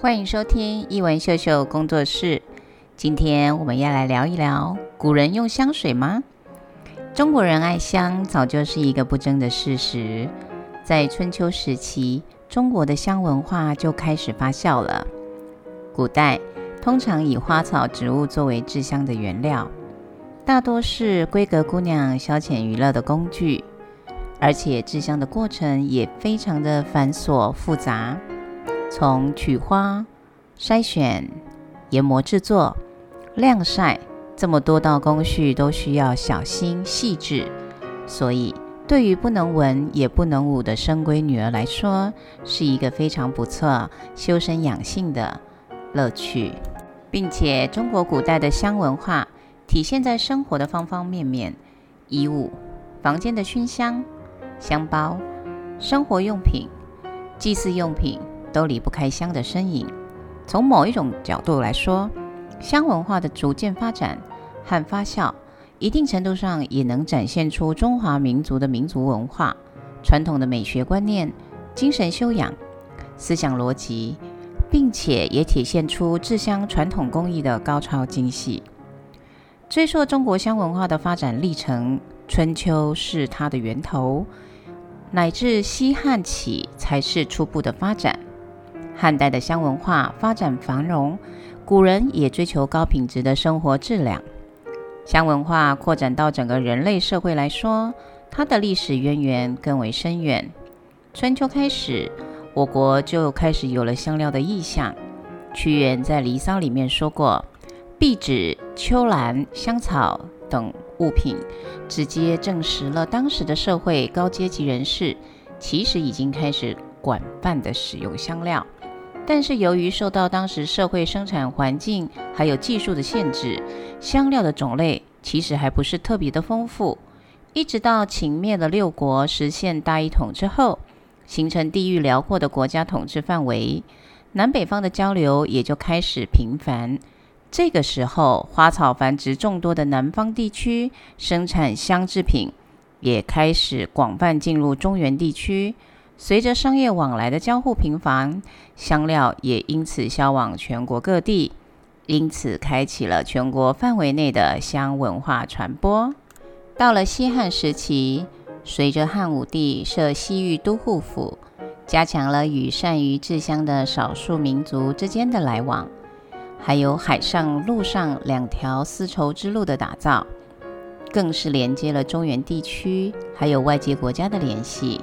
歡迎收聽一文秀秀工作室。今天我們要來聊一聊古人用香水嗎？中國人愛香早就是一個不爭的事實。在春秋時期，中國的香文化就開始發酵了。古代通常以花草植物作為製香的原料，大多是閨閣姑娘消遣娛樂的工具，而且製香的過程也非常的繁瑣複雜。從取花、篩選、研磨、製作、晾曬，這麼多道工序都需要小心細緻。所以，對於不能文也不能武的深閨女兒來說，是一個非常不錯修身養性的樂趣。並且，中國古代的香文化體現在生活的方方面面：衣物、房間的燻香、香包、生活用品、祭祀用品。都離不開香的身影。從某一種角度來說，香文化的逐漸發展和發酵，一定程度上也能展現出中華民族的民族文化、傳統的美學觀念、精神修養、思想邏輯，並且也體現出製香傳統工藝的高超精細。追溯中國香文化的發展歷程，春秋是它的源頭，乃至西漢起才是初步的發展。漢代的香文化發展繁榮，古人也追求高品質的生活質量。香文化擴展到整個人類社會來說，它的歷史淵源更為深遠。春秋開始，我國就開始有了香料的意象。屈原在《離騷》裡面說過：“辟芷、秋蘭、香草等物品”，直接證實了當時的社會高階級人士其實已經開始廣泛地使用香料。但是由於受到當時社會生產環境還有技術的限制，香料的種類其實還不是特別的豐富。一直到秦滅了六國，實現大一統之後，形成地域遼闊的國家統治範圍，南北方的交流也就開始頻繁。這個時候，花草繁殖眾多的南方地區生產香制品，也開始廣泛進入中原地區。隨着商業往來的交互頻繁，香料也因此銷往全國各地，因此開啟了全國範圍內的香文化傳播。到了西漢時期，隨着漢武帝設西域都護府，加強了與善於製香的少數民族之間的來往，還有海上、陸上兩條絲綢之路的打造，更是連接了中原地區還有外界國家的聯繫。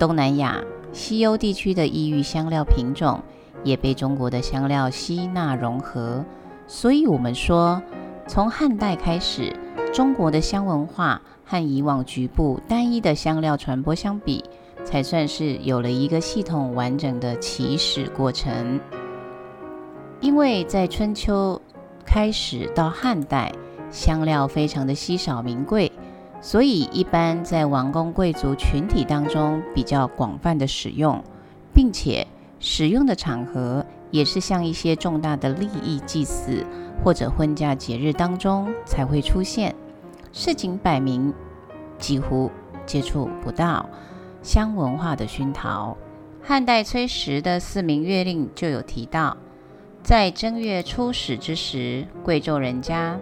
東南亞、西歐地區的異域香料品種也被中國的香料吸納融合，所以，我們說，從漢代開始，中國的香文化和以往局部單一的香料傳播相比，才算是有了一個系統完整的起始過程。因為在春秋開始到漢代，香料非常的稀少名貴。所以，一般在王公貴族群體當中比較廣泛的使用，並且使用的場合也是像一些重大的利益祭祀或者婚嫁節日當中才會出現，市井百民幾乎接觸不到香文化的熏陶。漢代崔實的《四民月令》就有提到，在正月初十之時，貴胄人家。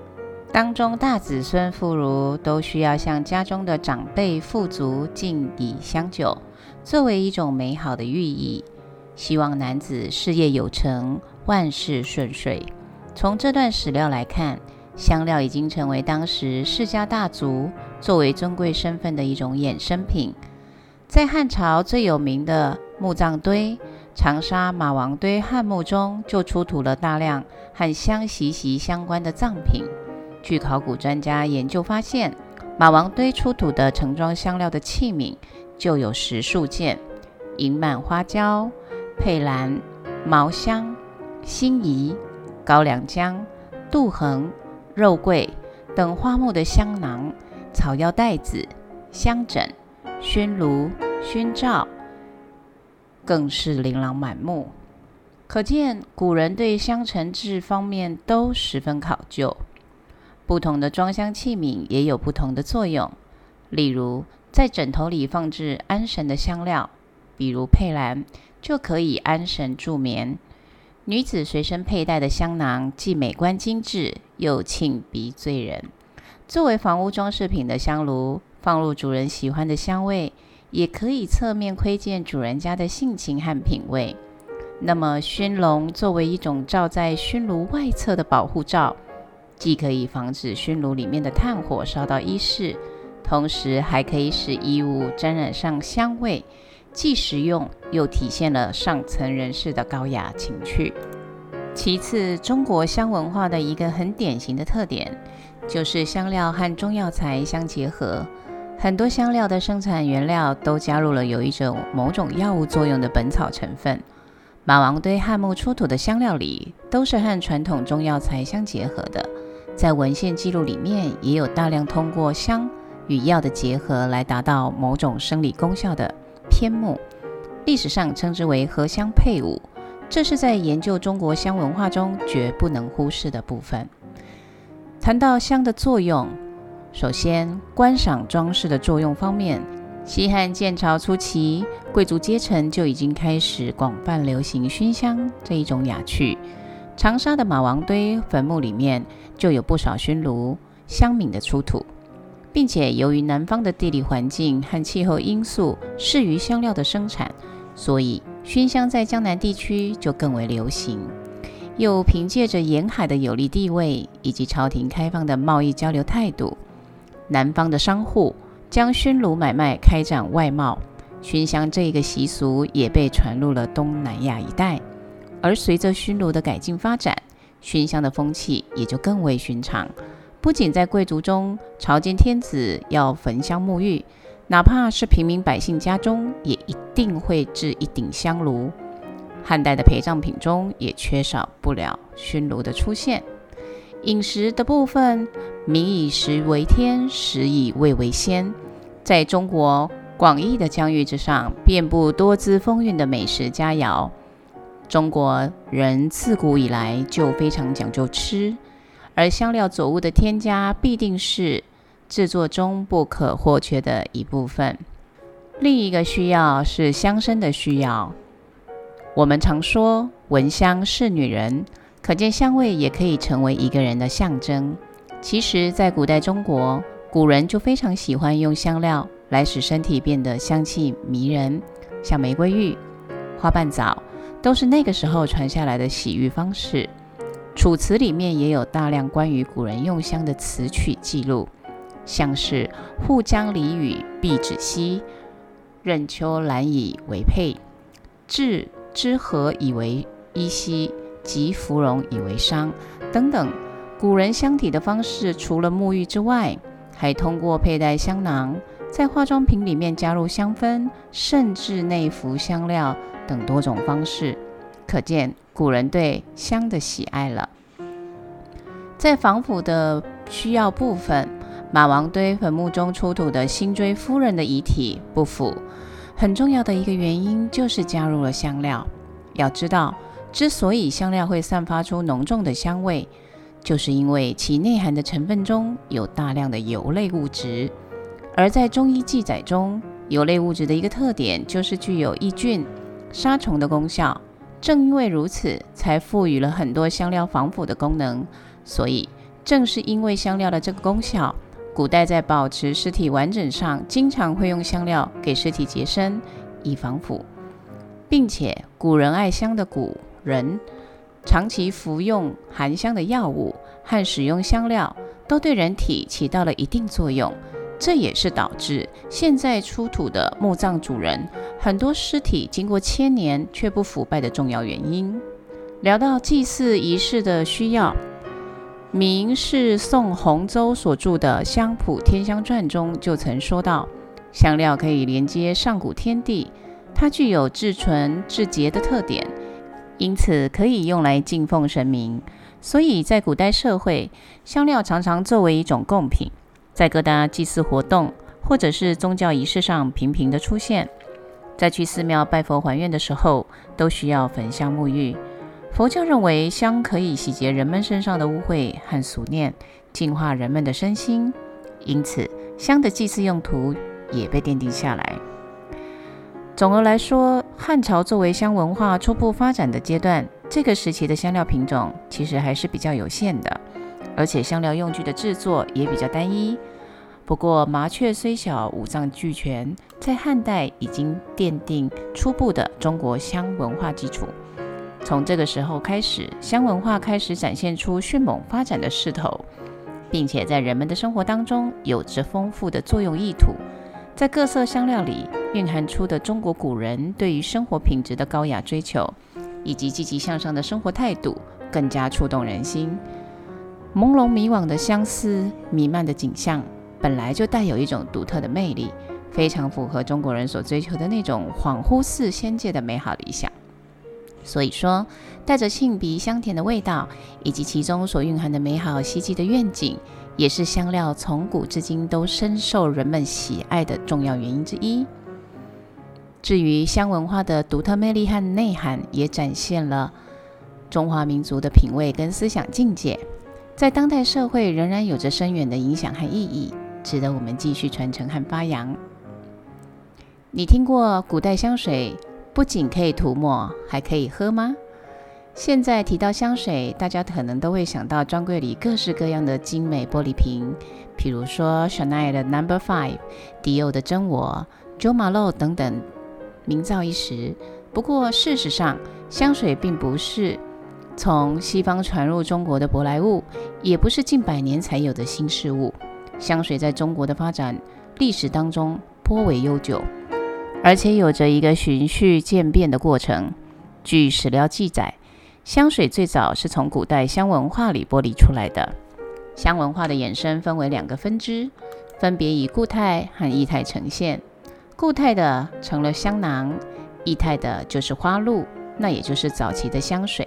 當中大子孫婦孺都需要向家中的長輩富族敬以香酒，作為一種美好的寓意，希望男子事業有成，萬事順遂。從這段史料來看，香料已經成為當時世家大族作為尊貴身份的一種衍生品。在漢朝最有名的墓葬堆長沙馬王堆漢墓中，就出土了大量和香息息相關的葬品。據考古專家研究發現，馬王堆出土的盛裝香料的器皿就有十數件，銀滿花椒、佩蘭、茅香、辛夷、高良薑、杜衡、肉桂等花木的香囊、草藥袋子、香枕、熏爐、熏罩，更是琳琅滿目。可見古人對香陳制方面都十分考究。不同的裝香器皿也有不同的作用，例如在枕頭裡放置安神的香料，比如佩蘭，就可以安神助眠。女子隨身佩戴的香囊，既美觀精致，又沁鼻醉人。作為房屋裝飾品的香爐，放入主人喜歡的香味，也可以側面窺見主人家的性情和品味。那麼熏籠作為一種罩在熏爐外側的保護罩。既可以防止熏爐裡面的炭火燒到衣飾，同時還可以使衣物沾染上香味，既實用又體現了上層人士的高雅情趣。其次，中國香文化的一個很典型的特點就是香料和中藥材相結合，很多香料的生產原料都加入了有一種某種藥物作用的本草成分。馬王堆漢墓出土的香料裡都是和傳統中藥材相結合的。在文獻記錄裡面，也有大量通過香與藥的結合來達到某種生理功效的篇目，歷史上稱之為合香配伍。這是在研究中國香文化中絕不能忽視的部分。談到香的作用，首先觀賞裝飾的作用方面，西漢建朝初期，貴族階層就已經開始廣泛流行熏香這一種雅趣。長沙的馬王堆墳墓裡面。就有不少熏爐香皿的出土，並且由於南方的地理環境和氣候因素適於香料的生產，所以熏香在江南地區就更為流行。又憑借着沿海的有利地位以及朝廷開放的貿易交流態度，南方的商戶將熏爐買賣開展外貿，熏香這一個習俗也被傳入了東南亞一帶。而隨着熏爐的改進發展，熏香的風氣也就更為尋常，不僅在貴族中，朝見天子要焚香沐浴，哪怕是平民百姓家中，也一定會置一鼎香爐。漢代的陪葬品中也缺少不了熏爐的出現。飲食的部分，民以食為天，食以味為先，在中國廣義的疆域之上，遍布多姿風韻的美食佳餚。中國人自古以來就非常講究吃，而香料作物的添加必定是製作中不可或缺的一部分。另一個需要是香身的需要。我們常說“聞香是女人”，可見香味也可以成為一個人的象徵。其實，在古代中國，古人就非常喜歡用香料來使身體變得香氣迷人，像玫瑰浴、花瓣澡。都是那個時候傳下來的洗浴方式。《楚辭》裡面也有大量關於古人用香的詞曲記錄，像是雨“扈江離與辟芷兮，紉秋蘭以為佩”，“製芰荷以為衣兮，集芙蓉以為裳”等等。古人香體的方式，除了沐浴之外，還通過佩戴香囊，在化妝品裡面加入香氛，甚至內服香料等多種方式，可見古人對香的喜愛了。在防腐的需要部分，馬王堆墳墓木中出土的辛追夫人的遺體不腐，很重要的一個原因就是加入了香料。要知道，之所以香料會散發出濃重的香味，就是因為其內含的成分中有大量的油類物質。而在中醫記載中，油類物質的一個特點就是具有抑菌、殺蟲的功效。正因為如此，才賦予了很多香料防腐的功能。所以，正是因為香料的這個功效，古代在保持屍體完整上，經常會用香料給屍體潔身以防腐。並且，古人愛香的古人，長期服用含香的藥物和使用香料，都對人體起到了一定作用。這也是導致現在出土的墓葬主人很多屍體經過千年卻不腐敗的重要原因。聊到祭祀儀式的需要，明是宋洪州所著的《香譜·天香傳》中就曾說到，香料可以連接上古天地，它具有至純至潔的特點，因此可以用來敬奉神明。所以在古代社會，香料常常作為一種貢品。在各大祭祀活動或者是宗教儀式上頻頻的出現，在去寺廟拜佛還願的時候，都需要焚香沐浴。佛教認為香可以洗滌人們身上的污穢和俗念，淨化人們的身心，因此香的祭祀用途也被奠定下來。總的來說，漢朝作為香文化初步發展的階段，這個時期的香料品種其實還是比較有限的。而且香料用具的制作也比較單一。不過麻雀雖小，五臟俱全，在漢代已經奠定初步的中國香文化基礎。從這個時候開始，香文化開始展現出迅猛發展的勢頭，並且在人們的生活當中有着豐富的作用意圖。在各色香料裡蘊含出的中國古人對於生活品質的高雅追求，以及積極向上的生活態度，更加觸動人心。朦朧迷惘的相思，彌漫的景象本來就帶有一種獨特的魅力，非常符合中國人所追求的那種恍惚似仙界的美好理想。所以說，帶着沁鼻香甜的味道，以及其中所蘊含的美好希冀的願景，也是香料從古至今都深受人們喜愛的重要原因之一。至於香文化的獨特魅力和內涵，也展現了中華民族的品味跟思想境界。在當代社會仍然有着深遠的影響和意義，值得我們繼續傳承和發揚。你聽過古代香水不僅可以塗抹，還可以喝嗎？現在提到香水，大家可能都會想到專櫃裡各式各樣的精美玻璃瓶，譬如說 Chanel 的 Number Five、迪奧的真我、Jo Malone 等等，名噪一時。不過事實上，香水並不是。從西方傳入中國的舶來物，也不是近百年才有的新事物。香水在中國的發展歷史當中頗為悠久，而且有着一個循序漸變的過程。據史料記載，香水最早是從古代香文化裡剝離出來的。香文化的衍生分為兩個分支，分別以固態和液態呈現。固態的成了香囊，液態的就是花露，那也就是早期的香水。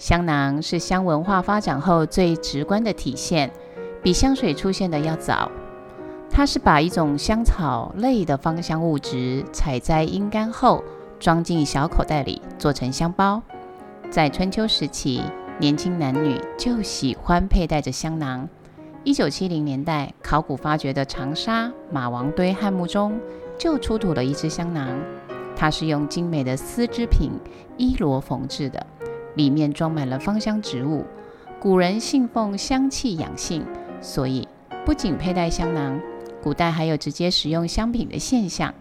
香囊是香文化發展後最直觀的體現，比香水出現的要早。它是把一種香草類的芳香物質採摘陰乾後，裝進小口袋裡做成香包。在春秋時期，年輕男女就喜歡佩戴着香囊。一九七零年代，考古發掘的長沙馬王堆漢墓中就出土了一隻香囊，它是用精美的絲織品一羅縫製的。裡面裝滿了芳香植物。古人信奉香氣養性，所以不僅佩戴香囊，古代還有直接食用香品的現象，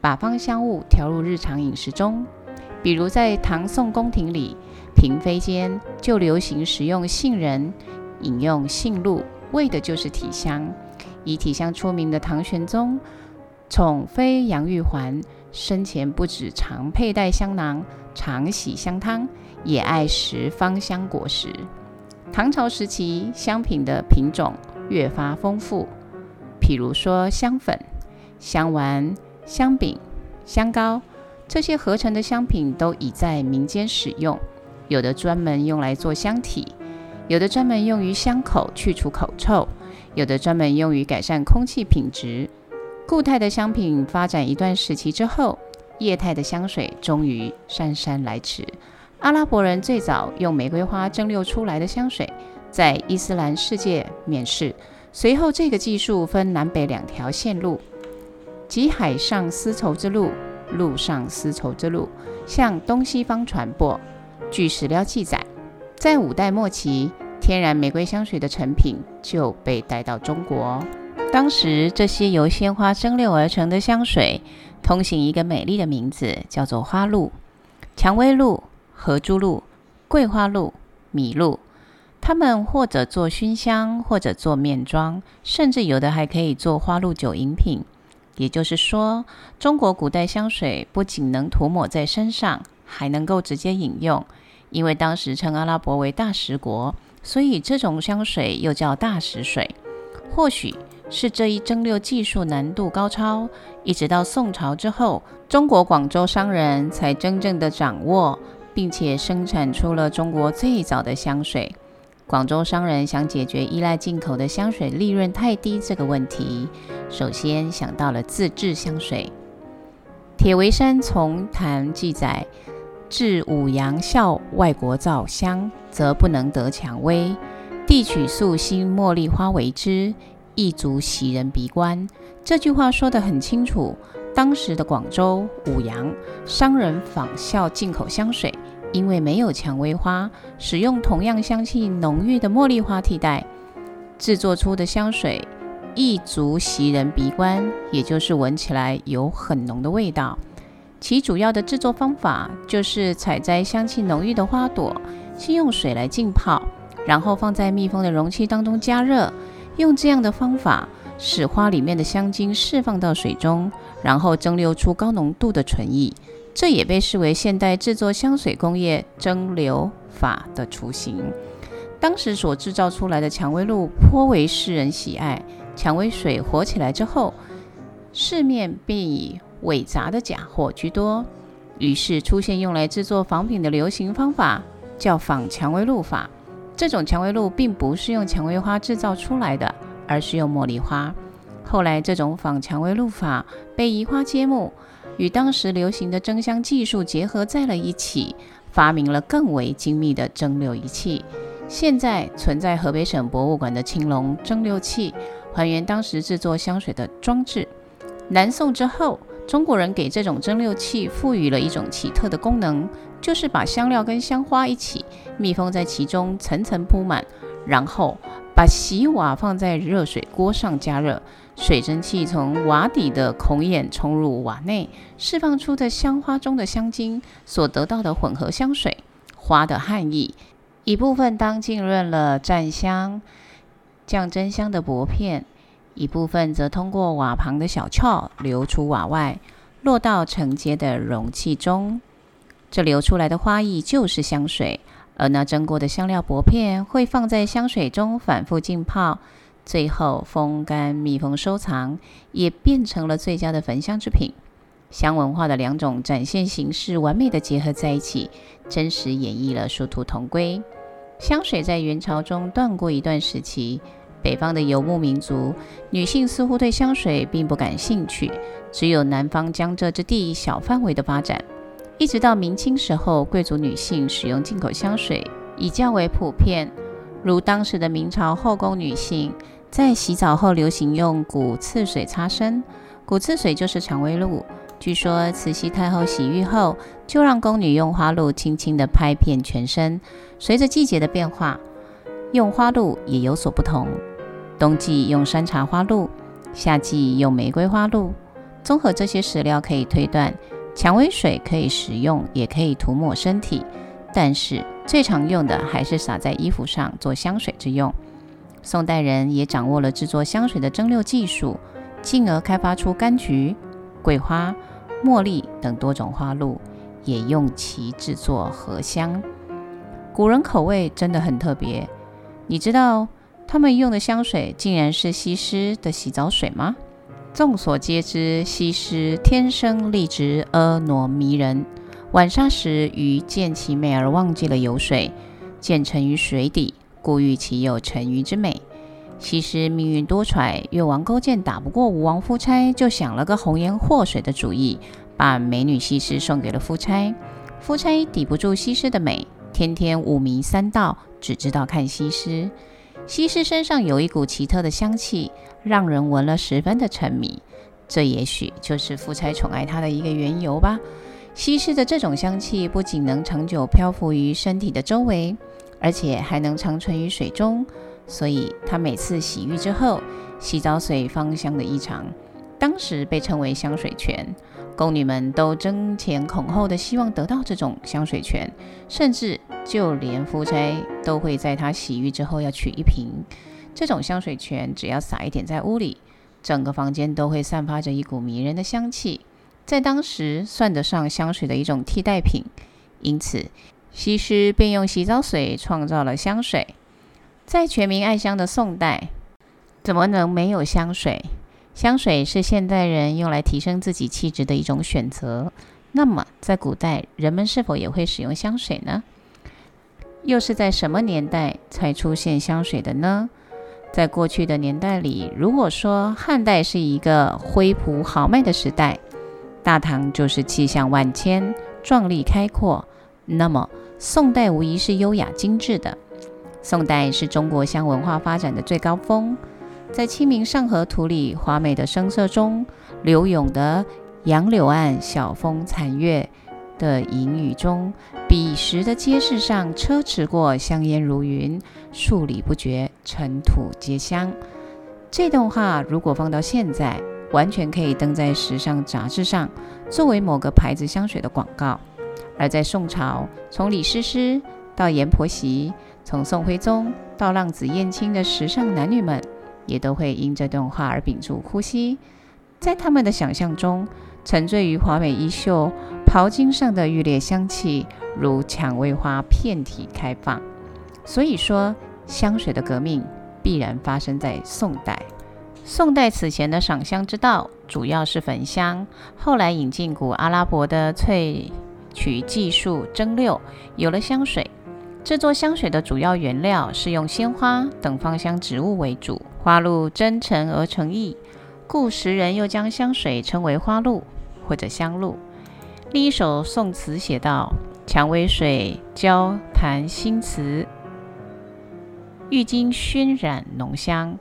把芳香物調入日常飲食中。比如在唐宋宮廷裡，嬪妃間就流行食用杏仁、飲用杏露，為的就是體香。以體香出名的唐玄宗寵妃楊玉環，生前不止常佩戴香囊，常洗香湯，也愛食芳香果實。唐朝時期，香品的品種越發豐富，譬如說香粉、香丸、香餅、香膏，這些合成的香品都已在民間使用。有的專門用來做香體，有的專門用於香口去除口臭，有的專門用於改善空氣品質。固態的香品發展一段時期之後，液態的香水終於姍姍來遲。阿拉伯人最早用玫瑰花蒸餾出來的香水，在伊斯蘭世界面世。隨後，這個技術分南北兩條線路，即海上絲綢之路、陸上絲綢之路，向東西方傳播。據史料記載，在五代末期，天然玫瑰香水的成品就被帶到中國。當時，這些由鮮花蒸餾而成的香水，通行一個美麗的名字，叫做“花露”、“薔薇露”。和珠露、桂花露、米露，他們或者做熏香，或者做面妝，甚至有的還可以做花露酒飲品。也就是說，中國古代香水不僅能塗抹在身上，還能夠直接飲用。因為當時稱阿拉伯為大食國，所以這種香水又叫大食水。或許是這一蒸餾技術難度高超，一直到宋朝之後，中國廣州商人才真正地掌握。並且生產出了中國最早的香水。廣州商人想解決依賴進口的香水利潤太低這個問題，首先想到了自製香水。《鐵圍山叢談》記載：“至五羊效外國造香，則不能得薔薇，地取素馨、茉莉花為之，亦足襲人鼻觀。”這句話說得很清楚，當時的廣州五羊商人仿效進口香水。因為沒有薔薇花，使用同樣香氣濃郁的茉莉花替代，制作出的香水亦足襲人鼻觀，也就是聞起來有很濃的味道。其主要的制作方法就是採摘香氣濃郁的花朵，先用水來浸泡，然後放在密封的容器當中加熱，用這樣的方法使花裡面的香精釋放到水中，然後蒸餾出高濃度的純液。這也被視為現代製作香水工業蒸餾法的雛形。當時所製造出來的薔薇露頗為世人喜愛。薔薇水火起來之後，市面便以偽雜的假貨居多，於是出現用來製作仿品的流行方法，叫仿薔薇露法。這種薔薇露並不是用薔薇花製造出來的，而是用茉莉花。後來，這種仿薔薇露法被移花接木。與當時流行的蒸香技術結合在了一起，發明了更為精密的蒸餾儀器。現在存在河北省博物館的青龍蒸餾器，還原當時制作香水的裝置。南宋之後，中國人給這種蒸餾器賦予了一種奇特的功能，就是把香料跟香花一起密封在其中，層層鋪滿，然後把洗瓦放在熱水鍋上加熱。水蒸氣從瓦底的孔眼衝入瓦內，釋放出的香花中的香精，所得到的混合香水。花的汗液，一部分當浸潤了占香、降真香的薄片，一部分則通過瓦旁的小竅流出瓦外，落到承接的容器中。這流出來的花液就是香水，而那蒸過的香料薄片會放在香水中反覆浸泡。最後風乾密封收藏，也變成了最佳的焚香製品。香文化的兩種展現形式完美地結合在一起，真實演繹了殊途同歸。香水在元朝中斷過一段時期，北方的游牧民族女性似乎對香水並不感興趣，只有南方江浙之地小範圍的發展。一直到明清時候，貴族女性使用進口香水已較為普遍，如當時的明朝後宮女性。在洗澡後，流行用古剌水擦身。古剌水就是薔薇露。據說慈禧太后洗浴後，就讓宮女用花露輕輕地拍遍全身。隨着季節的變化，用花露也有所不同。冬季用山茶花露，夏季用玫瑰花露。綜合這些史料，可以推斷，薔薇水可以食用，也可以塗抹身體，但是最常用的還是撒在衣服上做香水之用。宋代人也掌握了製作香水的蒸餾技術，進而開發出柑橘、桂花、茉莉等多種花露，也用其製作合香。古人口味真的很特別，你知道他們用的香水竟然是西施的洗澡水嗎？眾所皆知，西施天生麗質，婀娜迷人。晚上時，魚見其美而忘記了游水，漸沉於水底。故欲其有沉魚之美。西施命運多舛，越王勾踐打不過吳王夫差，就想了個紅顏禍水的主意，把美女西施送給了夫差。夫差抵不住西施的美，天天五迷三道，只知道看西施。西施身上有一股奇特的香氣，讓人聞了十分的沉迷。這也許就是夫差寵愛她的一個緣由吧。西施的這種香氣不僅能長久漂浮於身體的周圍，而且還能長存於水中，所以她每次洗浴之後，洗澡水芳香的異常。當時被稱為香水泉，宮女們都爭先恐後的希望得到這種香水泉，甚至就連夫差都會在她洗浴之後要取一瓶。這種香水泉只要撒一點在屋裡，整個房間都會散發着一股迷人的香氣，在當時算得上香水的一種替代品，因此。西施便用洗澡水創造了香水。在全民愛香的宋代，怎麼能沒有香水？香水是現代人用來提升自己氣質的一種選擇。那麼，在古代，人們是否也會使用香水呢？又是在什麼年代才出現香水的呢？在過去的年代裡，如果說漢代是一個恢弘豪邁的時代，大唐就是氣象萬千、壯麗開闊。那麼，宋代無疑是優雅精致的。宋代是中國香文化發展的最高峰。在《清明上河圖》裡，華美的聲色中，柳永的“楊柳岸，曉風殘月”的隱語中，彼時的街市上，車馳過，香煙如雲，數里不絕，塵土皆香。這段話如果放到現在，完全可以登在時尚雜誌上，作為某個牌子香水的廣告。而在宋朝，從李師師到閻婆惜，從宋徽宗到浪子燕青的時尚男女們，也都會因這段話而屏住呼吸。在他們的想象中，沉醉於華美衣袖、袍襟上的鬱烈香氣，如薔薇花遍體開放。所以說，香水的革命必然發生在宋代。宋代此前的賞香之道，主要是焚香，後來引進古阿拉伯的萃。取技術蒸餾，有了香水。制作香水的主要原料是用鮮花等芳香植物為主，花露蒸成而成液，故時人又將香水稱為花露或者香露。另一首宋詞寫道：“薔薇水澆檀新詞，鬱金熏染濃香，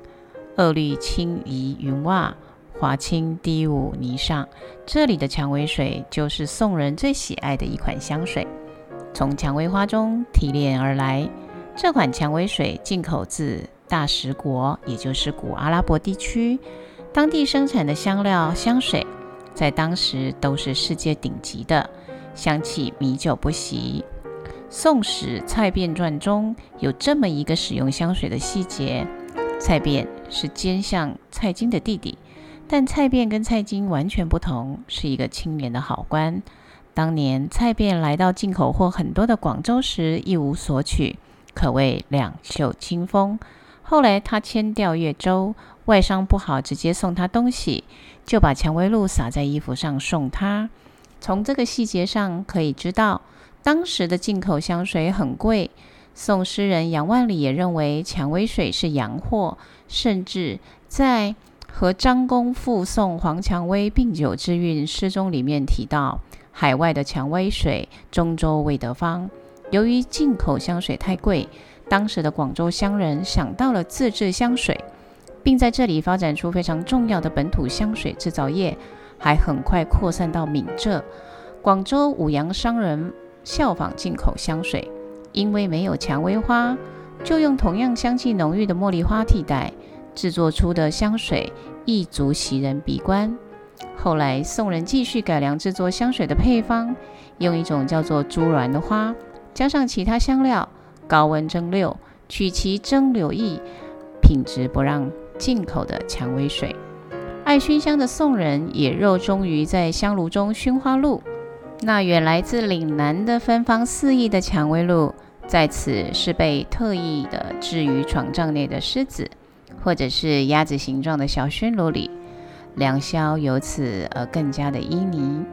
萼綠清宜雲襪。”華清低舞霓裳，這裡的薔薇水就是宋人最喜愛的一款香水，從薔薇花中提煉而來。這款薔薇水進口自大食國，也就是古阿拉伯地區，當地生產的香料香水在當時都是世界頂級的，香氣彌久不息。宋時《宋史·蔡卞傳》中有這麼一個使用香水的細節：蔡卞是奸相蔡京的弟弟。但蔡卞跟蔡京完全不同，是一個清廉的好官。當年蔡卞來到進口貨很多的廣州時，一無所取，可謂兩袖清風。後來他遷調越州，外商不好直接送他東西，就把薔薇露撒在衣服上送他。從這個細節上可以知道，當時的進口香水很貴。宋詩人楊萬里也認為薔薇水是洋貨，甚至在，和張公附送黃薔薇病酒之韻詩中裡面提到，海外的薔薇水，中州未得芳。由於進口香水太貴，當時的廣州商人想到了自制香水，並在這裡發展出非常重要的本土香水制造業，還很快擴散到閩浙。廣州五羊商人效仿進口香水，因為沒有薔薇花，就用同樣香氣濃郁的茉莉花替代。製作出的香水，亦足襲人鼻觀。後來，宋人繼續改良製作香水的配方，用一種叫做朱欒的花，加上其他香料，高溫蒸餾，取其蒸餾液，品質不讓進口的薔薇水。愛熏香的宋人也熱衷於在香爐中熏花露。那遠來自嶺南的芬芳四溢的薔薇露，在此是被特意的置於床帳內的獅子，或者是鴨子形狀的小熏爐裡，良宵由此而更加的旖旎。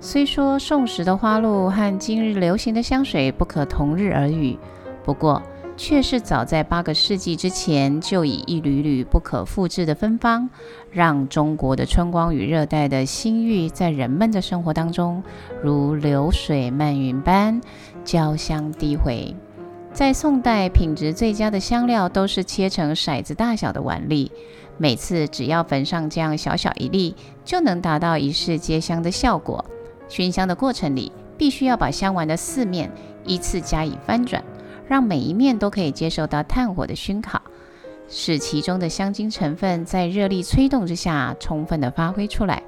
雖說宋時的花露和今日流行的香水不可同日而語，不過卻是早在八個世紀之前，就以一縷縷不可複製的芬芳，讓中國的春光與熱帶的心域，在人們的生活當中如流水漫雲般交相低回。在宋代，品質最佳的香料都是切成骰子大小的丸粒，每次只要焚上這樣小小一粒，就能達到一室皆香的效果。熏香的過程裡，必須要把香丸的四面依次加以翻轉，讓每一面都可以接受到炭火的熏烤，使其中的香精成分在熱力催動之下充分的發揮出來。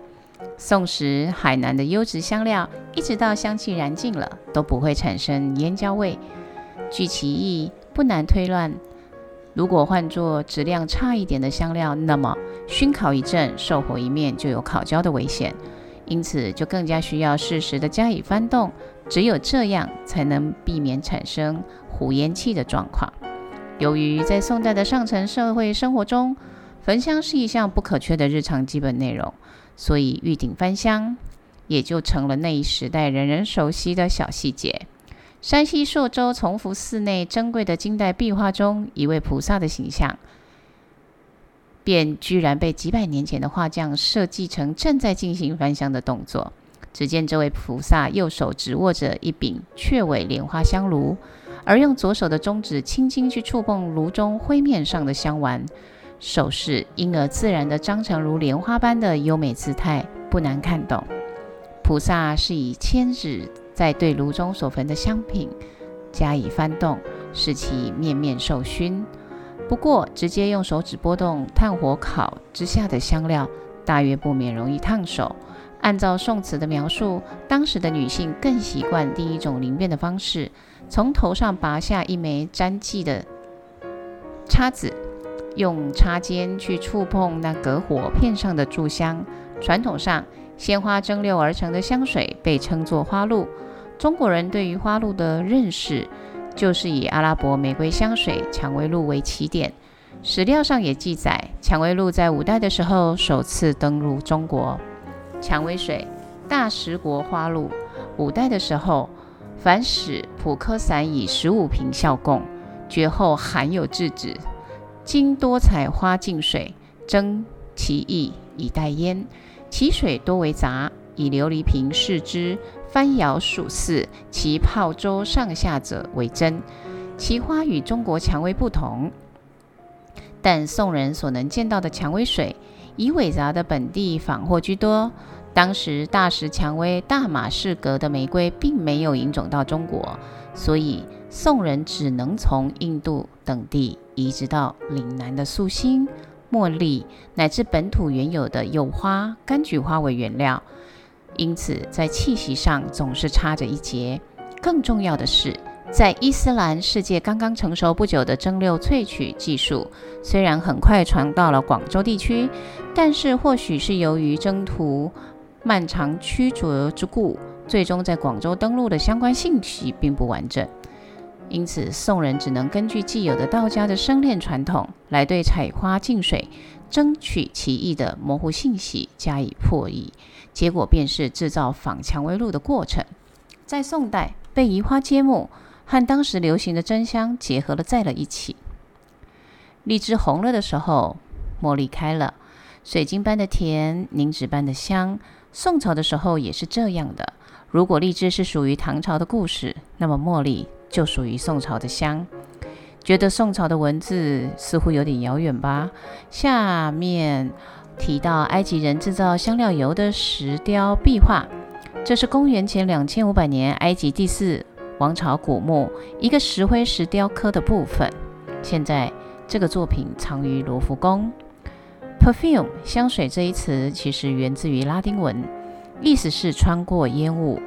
宋時海南的優質香料，一直到香氣燃盡了，都不會產生煙焦味。據其意，不難推斷，如果換做質量差一點的香料，那麼熏烤一陣，受火一面就有烤焦的危險。因此，就更加需要適時的加以翻動，只有這樣才能避免產生糊煙氣的狀況。由於在宋代的上層社會生活中，焚香是一項不可缺的日常基本內容，所以玉鼎翻香也就成了那一時代人人熟悉的小細節。山西朔州崇福寺內珍貴的金代壁畫中，一位菩薩的形象，便居然被幾百年前的畫匠設計成正在進行焚香的動作。只見這位菩薩右手執握着一柄雀尾蓮花香爐，而用左手的中指輕輕去觸碰爐中灰面上的香丸，手勢因而自然地張成如蓮花般的優美姿態，不難看懂。菩薩是以千指。在對爐中所焚的香品加以翻動，使其面面受熏。不過，直接用手指撥動炭火烤之下的香料，大約不免容易燙手。按照宋詞的描述，當時的女性更習慣第一種靈便的方式：從頭上拔下一枚簪髻的叉子，用叉尖去觸碰那隔火片上的炷香。傳統上，鮮花蒸餾而成的香水被稱作花露。中國人對於花露的認識，就是以阿拉伯玫瑰香水、薔薇露為起點。史料上也記載，薔薇露在五代的時候首次登陸中國。薔薇水、大食國花露，五代的時候，凡使蒲訶散以十五瓶效貢，絕後罕有至者。今多採花浸水，蒸其液以代焉。其水多為雜，以琉璃瓶試之。番瑤數四，其泡周上下者為真。其花與中國薔薇不同，但宋人所能見到的薔薇水，以偽雜的本地仿貨居多。當時大食薔薇、大馬士革的玫瑰並沒有引種到中國，所以宋人只能從印度等地移植到嶺南的素馨、茉莉，乃至本土原有的柚花、柑橘花為原料。因此，在氣息上總是差着一截。更重要的是，在伊斯蘭世界剛剛成熟不久的蒸餾萃取技術，雖然很快傳到了廣州地區，但是或許是由於征途漫長曲折之故，最終在廣州登陸的相關信息並不完整。因此，宋人只能根據既有的道家的生煉傳統，來對採花浸水、蒸取其液的模糊信息加以破譯。結果便是製造仿薔薇露的過程，在宋代被移花接木和當時流行的真香結合了在了一起。荔枝紅了的時候，茉莉開了，水晶般的甜，凝脂般的香。宋朝的時候也是這樣的。如果荔枝是屬於唐朝的故事，那麼茉莉就屬於宋朝的香。覺得宋朝的文字似乎有點遙遠吧？下面。提到埃及人製造香料油的石雕壁畫，這是公元前兩千五百年埃及第四王朝古墓一個石灰石雕刻的部分。現在這個作品藏於羅浮宮。Perfume（ 香水）這一詞其實源自於拉丁文，意思是穿過煙霧，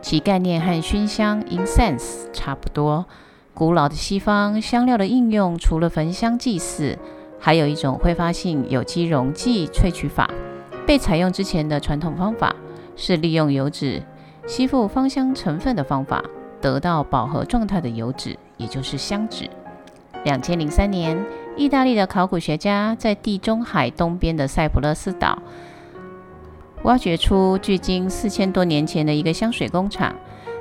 其概念和熏香 （incense） 差不多。古老的西方香料的應用，除了焚香祭祀。還有一種揮發性有機溶劑萃取法，被採用之前的傳統方法是利用油脂吸附芳香成分的方法，得到飽和狀態的油脂，也就是香脂。兩千零三年，意大利的考古學家在地中海東邊的塞浦路斯島挖掘出距今四千多年前的一個香水工廠，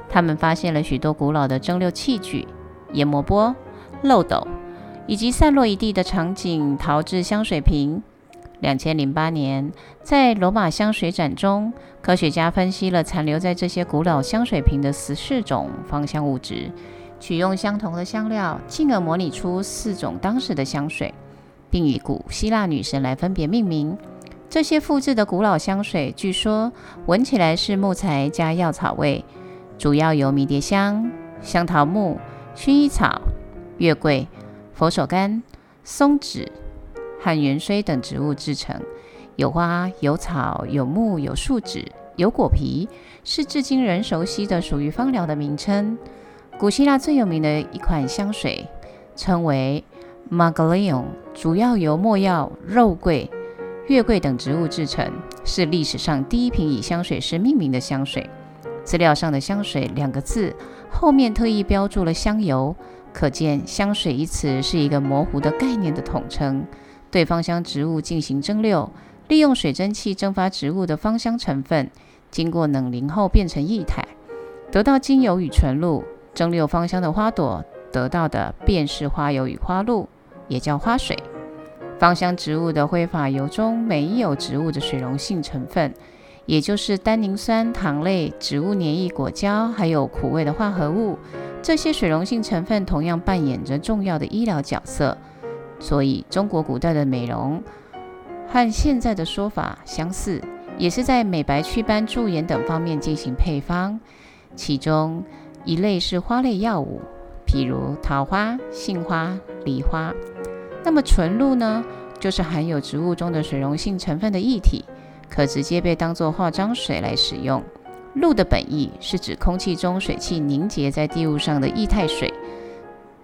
他們發現了許多古老的蒸餾器具、研磨缽、漏斗。以及散落一地的場景陶製香水瓶。2008年，在羅馬香水展中，科學家分析了殘留在這些古老香水瓶的十四種芳香物質，取用相同的香料，進而模擬出四種當時的香水，並以古希臘女神來分別命名。這些複製的古老香水據說聞起來是木材加藥草味，主要由迷迭香、香桃木、薰衣草、月桂、佛手柑、松脂含圓錐等植物製成，有花、有草、有木、有樹脂、有果皮，是至今仍熟悉的屬於芳療的名稱。古希臘最有名的一款香水稱為 Megaleion，主要由沒藥、肉桂、月桂等植物製成，是歷史上第一瓶以香水師命名的香水。資料上的“香水”兩個字後面特意標注了香油。可見，香水一詞是一個模糊的概念的統稱。對芳香植物進行蒸餾，利用水蒸氣蒸發植物的芳香成分，經過冷凝後變成液態，得到精油與純露。蒸餾芳香的花朵，得到的便是花油與花露，也叫花水。芳香植物的揮發油中沒有植物的水溶性成分，也就是單寧酸、糖類、植物粘液、果膠，還有苦味的化合物。這些水溶性成分同樣扮演着重要的醫療角色，所以中國古代的美容和現在的說法相似，也是在美白、祛斑、駐顏等方面進行配方。其中一類是花類藥物，比如桃花、杏花、梨花。那麼純露呢，就是含有植物中的水溶性成分的液體，可直接被當作化妝水來使用。露的本意是指空氣中水汽凝結在地物上的液態水。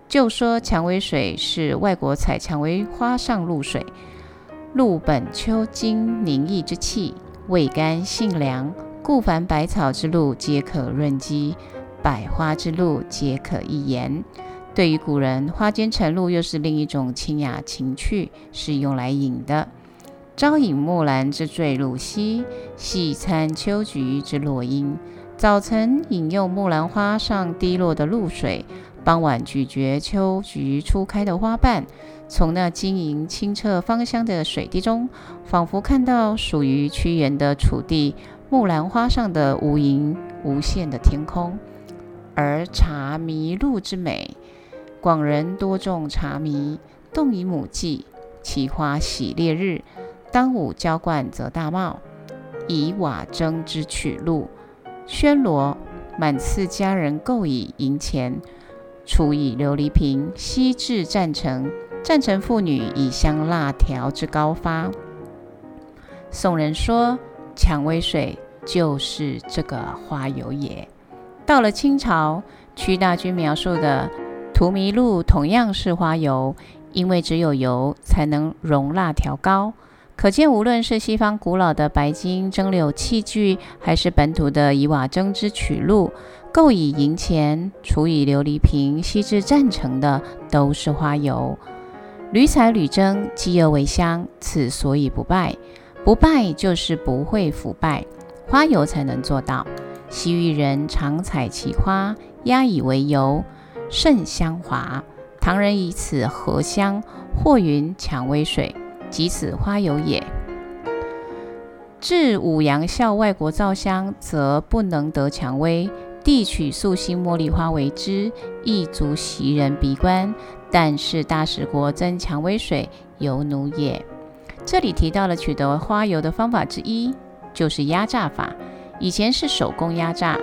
就說薔薇水是外國採薔薇花上露水。露本秋金凝液之氣，味甘性涼，故凡百草之露皆可潤肌，百花之露皆可益顏。對於古人，花間晨露又是另一種清雅情趣，是用來飲的。朝飲木蘭之墜露兮，夕餐秋菊之落英。早晨飲用木蘭花上滴落的露水，傍晚咀嚼秋菊初開的花瓣。從那晶瑩清澈、芳香的水滴中，仿佛看到屬於屈原的楚地木蘭花上的無垠無限的天空。而荼蘼露之美，廣人多種荼蘼，動以畝計，其花喜烈日。當午澆灌則大茂，以瓦蒸之取露，暹羅滿剌加人垢前，購以銀錢，儲以琉璃瓶，悉至戰城。戰城婦女以香蠟條之膏髮。宋人說薔薇水就是這個花油也。到了清朝，屈大均描述的荼蘼露同樣是花油，因為只有油才能溶蠟條膏。可見，無論是西方古老的白金蒸餾器具，還是本土的以瓦蒸之取露，購以銀錢，儲以琉璃瓶，悉之贊成的，都是花油。屢採屢蒸，積而為香，此所以不敗。不敗就是不會腐敗，花油才能做到。西域人常採其花，壓以為油，甚香滑。唐人以此合香，或云薔薇水。即此花油也。至五羊校外國造香，則不能得薔薇，地取素心茉莉花為之，亦足襲人鼻觀。但是大食國蒸薔薇水，猶奴也。這裡提到了取得花油的方法之一，就是壓榨法。以前是手工壓榨，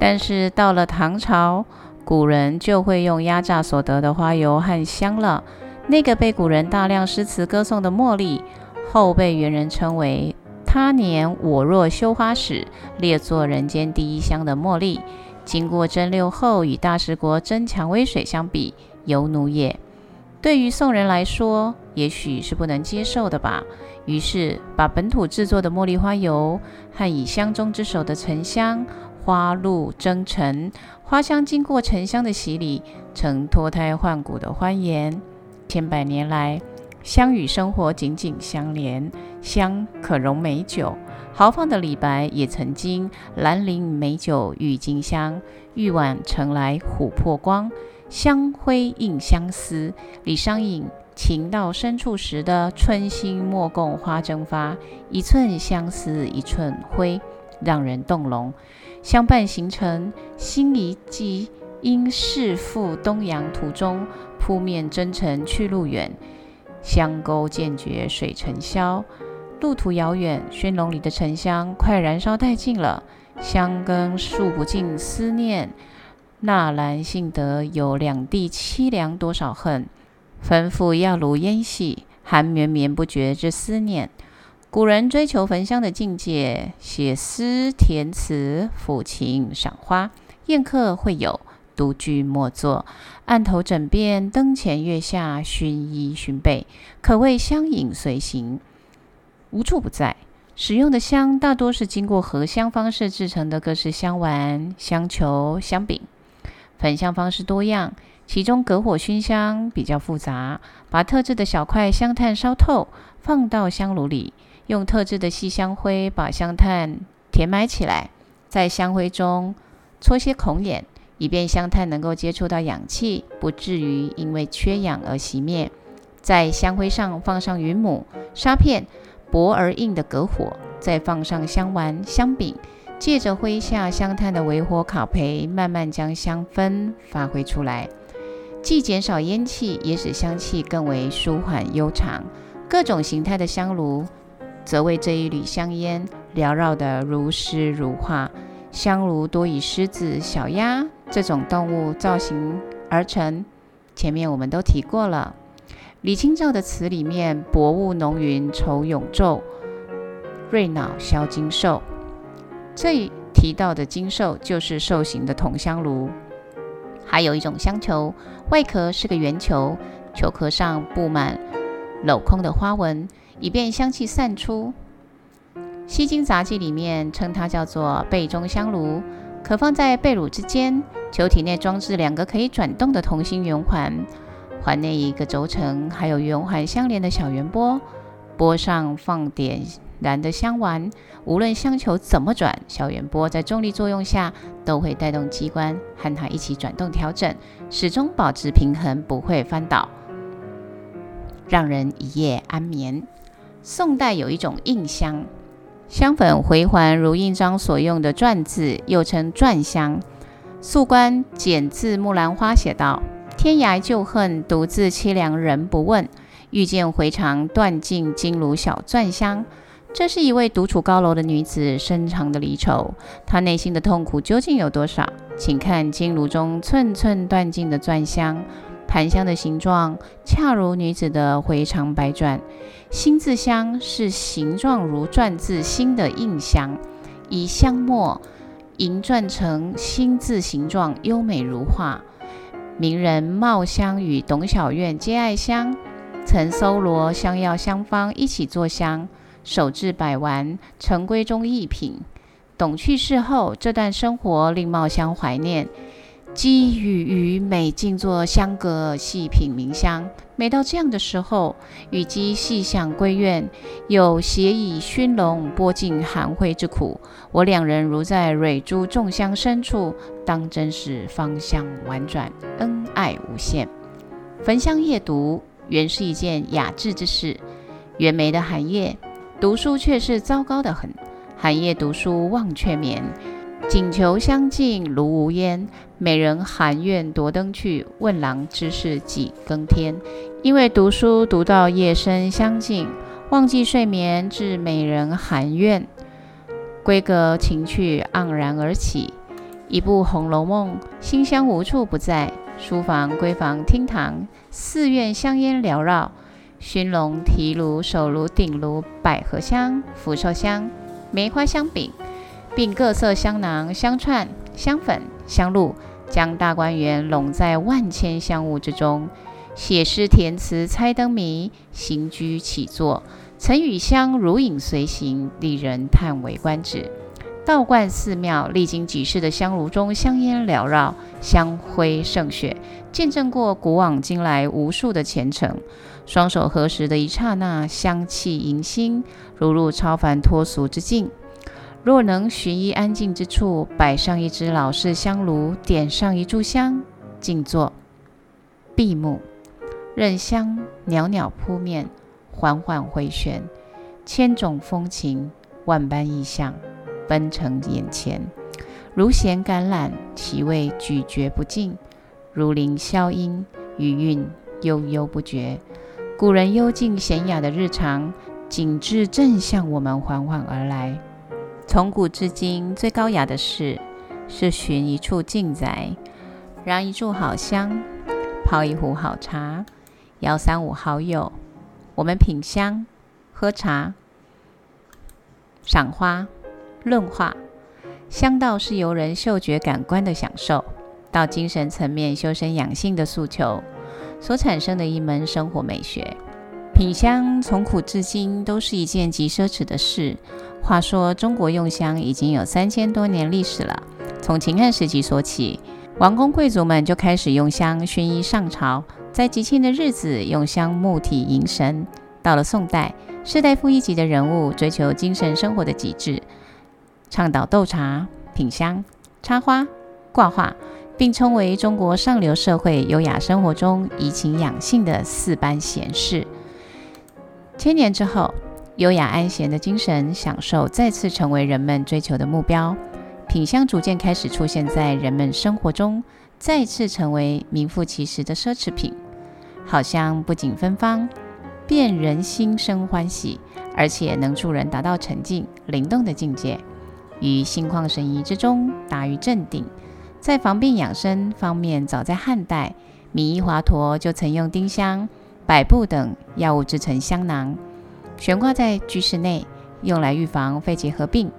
但是到了唐朝，古人就會用壓榨所得的花油和香了。那個被古人大量詩詞歌頌的茉莉，後被元人稱為“他年我若修花史，列作人間第一香”的茉莉，經過蒸餾後與大食國蒸薔薇水相比，尤奴也。對於宋人來說，也許是不能接受的吧。於是把本土制作的茉莉花油，和以香中之首的沉香、花露，蒸沉花香，經過沉香的洗禮，成脫胎換骨的歡顏。千百年來，香與生活緊緊相連。香可溶美酒，豪放的李白也曾經：“蘭陵美酒鬱金香，玉碗盛來琥珀光。香灰映相思。”李商隱“情到深處時”的“春心莫共花爭發，一寸相思一寸灰”，讓人動容。相伴行程，辛棄疾，應是赴東陽途中。撲面征塵，去路遠；香篝漸覺水沉消，路途遙遠，燻籠裡的沉香快燃燒殆盡了。香根訴不盡思念，納蘭性德有兩地凄涼多少恨，吩咐藥爐煙細，寒綿綿不絕之思念。古人追求焚香的境界，寫詩填詞、撫琴賞花、宴客會友。獨具莫作，案頭枕邊、燈前月下，熏衣熏被，可謂相影隨形，無處不在。使用的香大多是經過合香方式制成的各式香丸、香球、香餅。焚香方式多樣，其中隔火熏香比較複雜，把特制的小塊香炭燒透，放到香爐裡，用特制的細香灰把香炭填埋起來，在香灰中搓些孔眼。以便香炭能夠接觸到氧氣，不至於因為缺氧而熄滅。在香灰上放上雲母砂片，薄而硬的隔火，再放上香丸、香餅，借着灰下香炭的微火烤焙，慢慢將香氛發揮出來，既減少煙氣，也使香氣更為舒緩悠長。各種形態的香爐，則為這一縷香煙繚繞得如詩如畫。香爐多以獅子、小鴨這種動物造型而成，前面我們都提過了。李清照的詞裡面“薄霧濃雲愁永晝，瑞腦消金獸”，這裡提到的“金獸”就是獸形的銅香爐。還有一種香球，外殼是個圓球，球殼上布滿鏤空的花紋，以便香氣散出。《西京雜記》裡面稱它叫做被中香爐，可放在被褥之間。球體內裝置兩個可以轉動的同心圓環，環內一個軸承，還有圓環相連的小圓缽，缽上放點燃的香丸。無論香球怎麼轉，小圓缽在重力作用下都會帶動機關和它一起轉動調整，始終保持平衡，不會翻倒，讓人一夜安眠。宋代有一種印香。香粉回環，如印章所用的篆字，又稱篆香。秦觀減字木蘭花寫道：“天涯舊恨，獨自淒涼人不問。欲見回腸，斷盡金爐小篆香。”這是一位獨處高樓的女子深藏的離愁。她內心的痛苦究竟有多少？請看金爐中寸寸斷盡的篆香，盤香的形狀恰如女子的回腸百轉。心字香是形狀如篆字心的印香，以香墨縈篆成心字形狀，優美如畫。名人冒襄與董小宛皆愛香，曾搜羅香藥香方一起做香，手制百丸，成閨中一品。董去世後，這段生活令冒襄懷念。姬與余，每靜坐香閣，細品茗香。每到這樣的時候，與姬細想閨怨，有斜倚熏籠撥盡寒灰之苦。我兩人如在蕊珠眾香深處，當真是芳香婉轉，恩愛無限。焚香夜讀原是一件雅致之事，袁枚的寒夜讀書卻是糟糕得很。寒夜讀書忘卻眠，錦裘香燼如無煙，美人含怨奪燈去。問郎知是幾更天？因為讀書讀到夜深香燼，忘記睡眠，致美人含怨。閨閣情趣盎然而起，一部《紅樓夢》，馨香無處不在。書房、閨房、廳堂、寺院，香煙繚繞，熏籠、提爐、手爐、鼎爐，百合香、福壽香、梅花香餅。並各色香囊、香串、香粉、香露，將大觀園籠在萬千香霧之中。寫詩填詞、猜燈謎、行居起坐，曾與香如影隨形，令人嘆為觀止。道觀寺廟歷經幾世的香爐中，香煙繚繞，香灰勝雪，見證過古往今來無數的前程。雙手合十的一剎那，香氣迎新，如入超凡脫俗之境。若能尋一安靜之處，擺上一隻老式香爐，點上一炷香，靜坐，閉目，任香裊裊撲面，緩緩回旋，千種風情，萬般意象，紛呈眼前。如銜橄，橄欖，其味咀嚼不盡；如聆簫音，餘韻悠悠不絕。古人幽靜嫻雅的日常景致，正向我們緩緩而來。從古至今，最高雅的事是尋一處靜宅，燃一炷好香，泡一壺好茶。邀三五好友，我們品香、喝茶、賞花、論畫。香道是由人嗅覺感官的享受，到精神層面修身養性的訴求，所產生的一門生活美學。品香從古至今都是一件極奢侈的事。.話說，中國用香已經有三千多年歷史了。從秦漢時期說起，王公貴族們就開始用香熏衣上朝，在吉慶的日子用香沐體迎神。到了宋代，士大夫一級的人物追求精神生活的極致，倡導鬥茶、品香、插花、掛畫，並稱為中國上流社會優雅生活中怡情養性的四般閒事。千年之後，優雅安閒的精神享受再次成為人們追求的目標，品香逐漸開始出現在人們生活中，再次成為名副其實的奢侈品。好香不僅芬芳，便人心生歡喜，而且能助人達到沉靜靈動的境界，於心曠神怡之中達於鎮定。在防病養生方面，早在漢代，名醫華佗就曾用丁香、百部等藥物制成香囊。懸掛在居室內，用來預防肺結核病。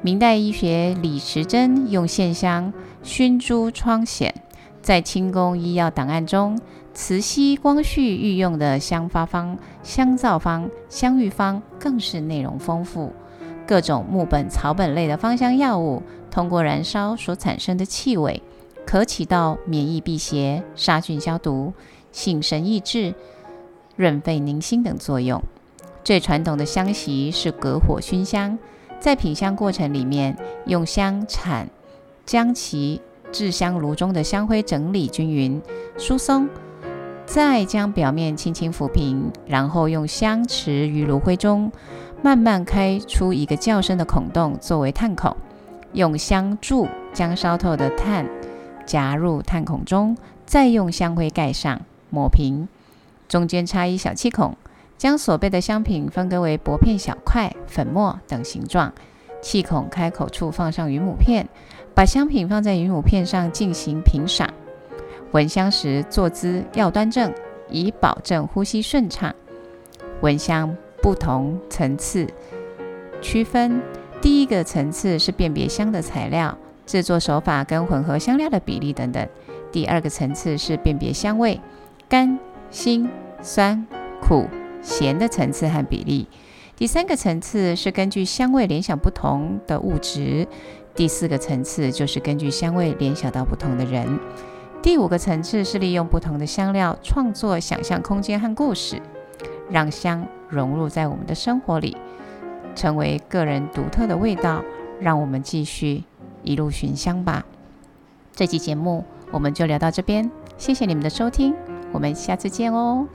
明代醫學李時珍用線香熏諸瘡癬。在清宮醫藥檔案中，慈禧、光緒御用的香髮方、香皂方、香浴方更是內容豐富。各種木本、草本類的芳香藥物，通過燃燒所產生的氣味，可起到免疫辟邪、殺菌消毒、醒神抑制、潤肺寧心等作用。最傳統的香席是隔火燻香，在品香過程裡面，用香鏟將其置香爐中的香灰整理均勻、疏鬆，再將表面輕輕撫平，然後用香匙於爐灰中慢慢開出一個較深的孔洞作為探孔，用香柱將燒透的炭夾入炭孔中，再用香灰蓋上、抹平，中間插一小氣孔。將所備的香品分割為薄片、小塊、粉末等形狀，氣孔開口處放上雲母片，把香品放在雲母片上進行評賞。聞香時坐姿要端正，以保證呼吸順暢。聞香不同層次區分：第一個層次是辨別香的材料、製作手法跟混合香料的比例等等；第二個層次是辨別香味，甘、辛、酸、苦。鹹的層次和比例，第三個層次是根據香味，聯想不同的物質，第四個層次就是根據香味，聯想到不同的人，第五個層次是利用不同的香料創作想象空間和故事，讓香融入在我們的生活裡，成為個人獨特的味道。讓我們繼續一路尋香吧。這期節目我們就聊到這邊，謝謝你們的收聽，我們下次見哦。